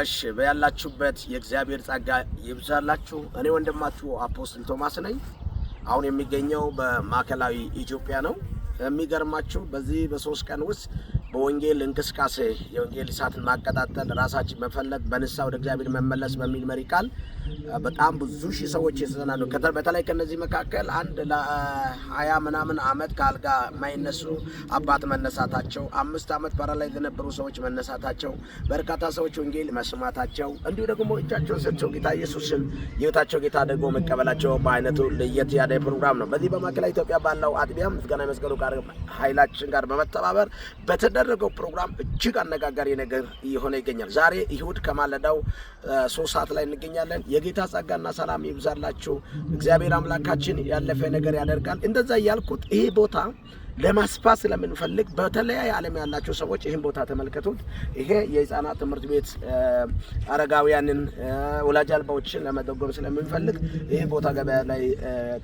እሺ በያላችሁበት የእግዚአብሔር ጸጋ ይብዛላችሁ። እኔ ወንድማችሁ አፖስትል ቶማስ ነኝ። አሁን የሚገኘው በማዕከላዊ ኢትዮጵያ ነው። የሚገርማችሁ በዚህ በሶስት ቀን ውስጥ በወንጌል እንቅስቃሴ የወንጌል እሳትን ማቀጣጠል፣ ራሳችን መፈለግ፣ በንስሐ ወደ እግዚአብሔር መመለስ በሚል መሪ ቃል በጣም ብዙ ሺህ ሰዎች የተዘናኑ በተለይ ከነዚህ መካከል አንድ ለሀያ ምናምን አመት ከአልጋ የማይነሱ አባት መነሳታቸው፣ አምስት አመት በራ ላይ የነበሩ ሰዎች መነሳታቸው፣ በርካታ ሰዎች ወንጌል መስማታቸው፣ እንዲሁ ደግሞ እጃቸውን ሰጥተው ጌታ ኢየሱስን የህይወታቸው ጌታ ደግሞ መቀበላቸው በአይነቱ ለየት ያለ ፕሮግራም ነው። በዚህ በማዕከላዊ ኢትዮጵያ ባለው አጥቢያ ምስጋና የመስቀሉ ጋር ኃይላችን ጋር በመተባበር በተደ የተደረገው ፕሮግራም እጅግ አነጋጋሪ ነገር እየሆነ ይገኛል። ዛሬ ይሁድ ከማለዳው ሶስት ሰዓት ላይ እንገኛለን። የጌታ ጸጋና ሰላም ይብዛላችሁ። እግዚአብሔር አምላካችን ያለፈ ነገር ያደርጋል። እንደዛ እያልኩት ይሄ ቦታ ለማስፋት ስለምንፈልግ በተለያየ ዓለም ያላቸው ሰዎች ይህን ቦታ ተመልከቱት። ይሄ የህፃናት ትምህርት ቤት አረጋውያንን፣ ወላጅ አልባዎችን ለመደጎም ስለምንፈልግ ይህ ቦታ ገበያ ላይ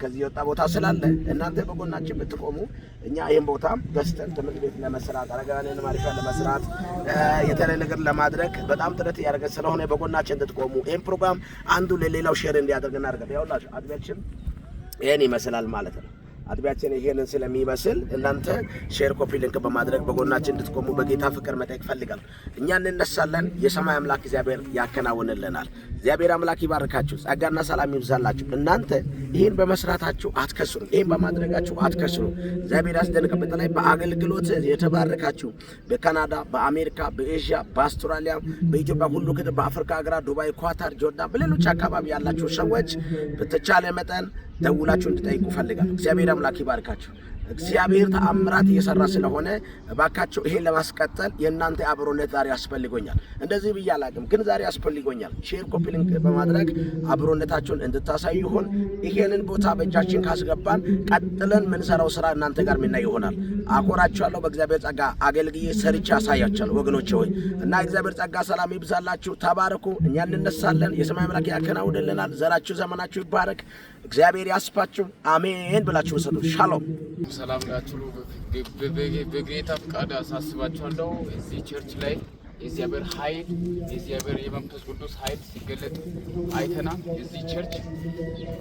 ከዚህ የወጣ ቦታ ስላለ እናንተ በጎናችን ብትቆሙ እኛ ይህን ቦታ ገዝተን ትምህርት ቤት ለመስራት አረጋውያንን ማረፊያ ለመስራት የተለያየ ነገር ለማድረግ በጣም ጥረት እያደረገ ስለሆነ በጎናችን እንድትቆሙ ይህን ፕሮግራም አንዱ ለሌላው ሼር እንዲያደርግ እናደርጋለን። ያውላቸው አጥቢያችን ይህን ይመስላል ማለት ነው። አጥቢያችን ይሄንን ስለሚመስል እናንተ ሼር ኮፒ ሊንክ በማድረግ በጎናችን እንድትቆሙ በጌታ ፍቅር መጠየቅ ፈልጋል። እኛ እንነሳለን። የሰማይ አምላክ እግዚአብሔር ያከናውንልናል። እግዚአብሔር አምላክ ይባርካችሁ፣ ጸጋና ሰላም ይብዛላችሁ። እናንተ ይህን በመስራታችሁ አትከስሩ፣ ይህን በማድረጋችሁ አትከስሩ። እግዚአብሔር ያስደንቅ። በተለይ በአገልግሎት የተባረካችሁ በካናዳ፣ በአሜሪካ፣ በኤዥያ፣ በአውስትራሊያ፣ በኢትዮጵያ ሁሉ ክት በአፍሪካ ሀገራት ዱባይ፣ ኳታር፣ ጆርዳን፣ በሌሎች አካባቢ ያላችሁ ሰዎች በተቻለ መጠን ደውላችሁ እንድጠይቁ ፈልጋል። እግዚአብሔር አምላክ ይባርካችሁ። እግዚአብሔር ተአምራት እየሰራ ስለሆነ እባካቸው ይሄን ለማስቀጠል የእናንተ አብሮነት ዛሬ ያስፈልጎኛል። እንደዚህ ብዬ አላቅም፣ ግን ዛሬ ያስፈልጎኛል። ሼር ኮፒ ሊንክ በማድረግ አብሮነታችሁን እንድታሳዩ ይሁን። ይሄንን ቦታ በእጃችን ካስገባን ቀጥለን ምንሰራው ስራ እናንተ ጋር ምናይ ይሆናል። አኮራችኋለሁ። በእግዚአብሔር ጸጋ አገልግዬ ሰርቼ አሳያችኋለሁ ወገኖች ሆይ እና እግዚአብሔር ጸጋ ሰላም ይብዛላችሁ። ተባረኩ። እኛ እንነሳለን። የሰማይ አምላክ ያከናውንልናል። ዘራችሁ ዘመናችሁ ይባረክ። እግዚአብሔር ያስፋችሁ። አሜን ብላችሁ ሰጡ። ሻሎም ሰላም ላችሁ በጌታ ፍቃድ አሳስባችኋለሁ። እዚህ ቸርች ላይ የእግዚአብሔር ኃይል የእግዚአብሔር የመንፈስ ቅዱስ ኃይል ሲገለጥ አይተናል። እዚህ ቸርች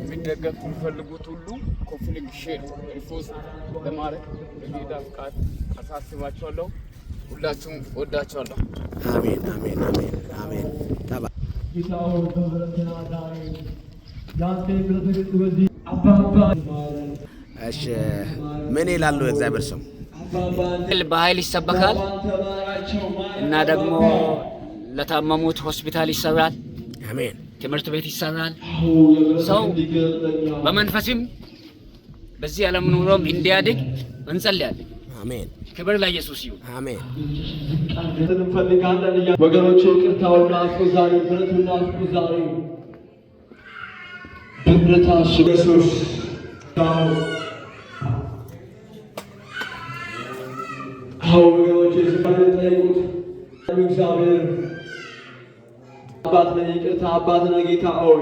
የሚደገፍ የሚፈልጉት ሁሉ ኮንፍሊክት ሼር ሪፖስት ለማድረግ በጌታ ፍቃድ አሳስባችኋለሁ። ሁላችሁም ወዳችኋለሁ። አሜን አሜን አሜን አሜን። አባ አባ እሺ ምን ይላሉ? እግዚአብሔር ስም በኃይል ይሰበካል እና ደግሞ ለታመሙት ሆስፒታል ይሰራል። አሜን። ትምህርት ቤት ይሰራል። ሰው በመንፈስም በዚህ ዓለም ኑሮም እንዲያድግ እንጸልያለን። አሜን። ክብር ለኢየሱስ ይሁን። አሜን። እንፈልጋለን ወገኖቼ፣ ይቅርታውና አስቆዛሪ ብረቱና አስቆዛሪ ብረታ ኢየሱስ አሁ ወገኖች የዝባንን ጠይቁት። እግዚአብሔር አባት ነኝ፣ ይቅርታ አባት ነኝ ጌታ ሆይ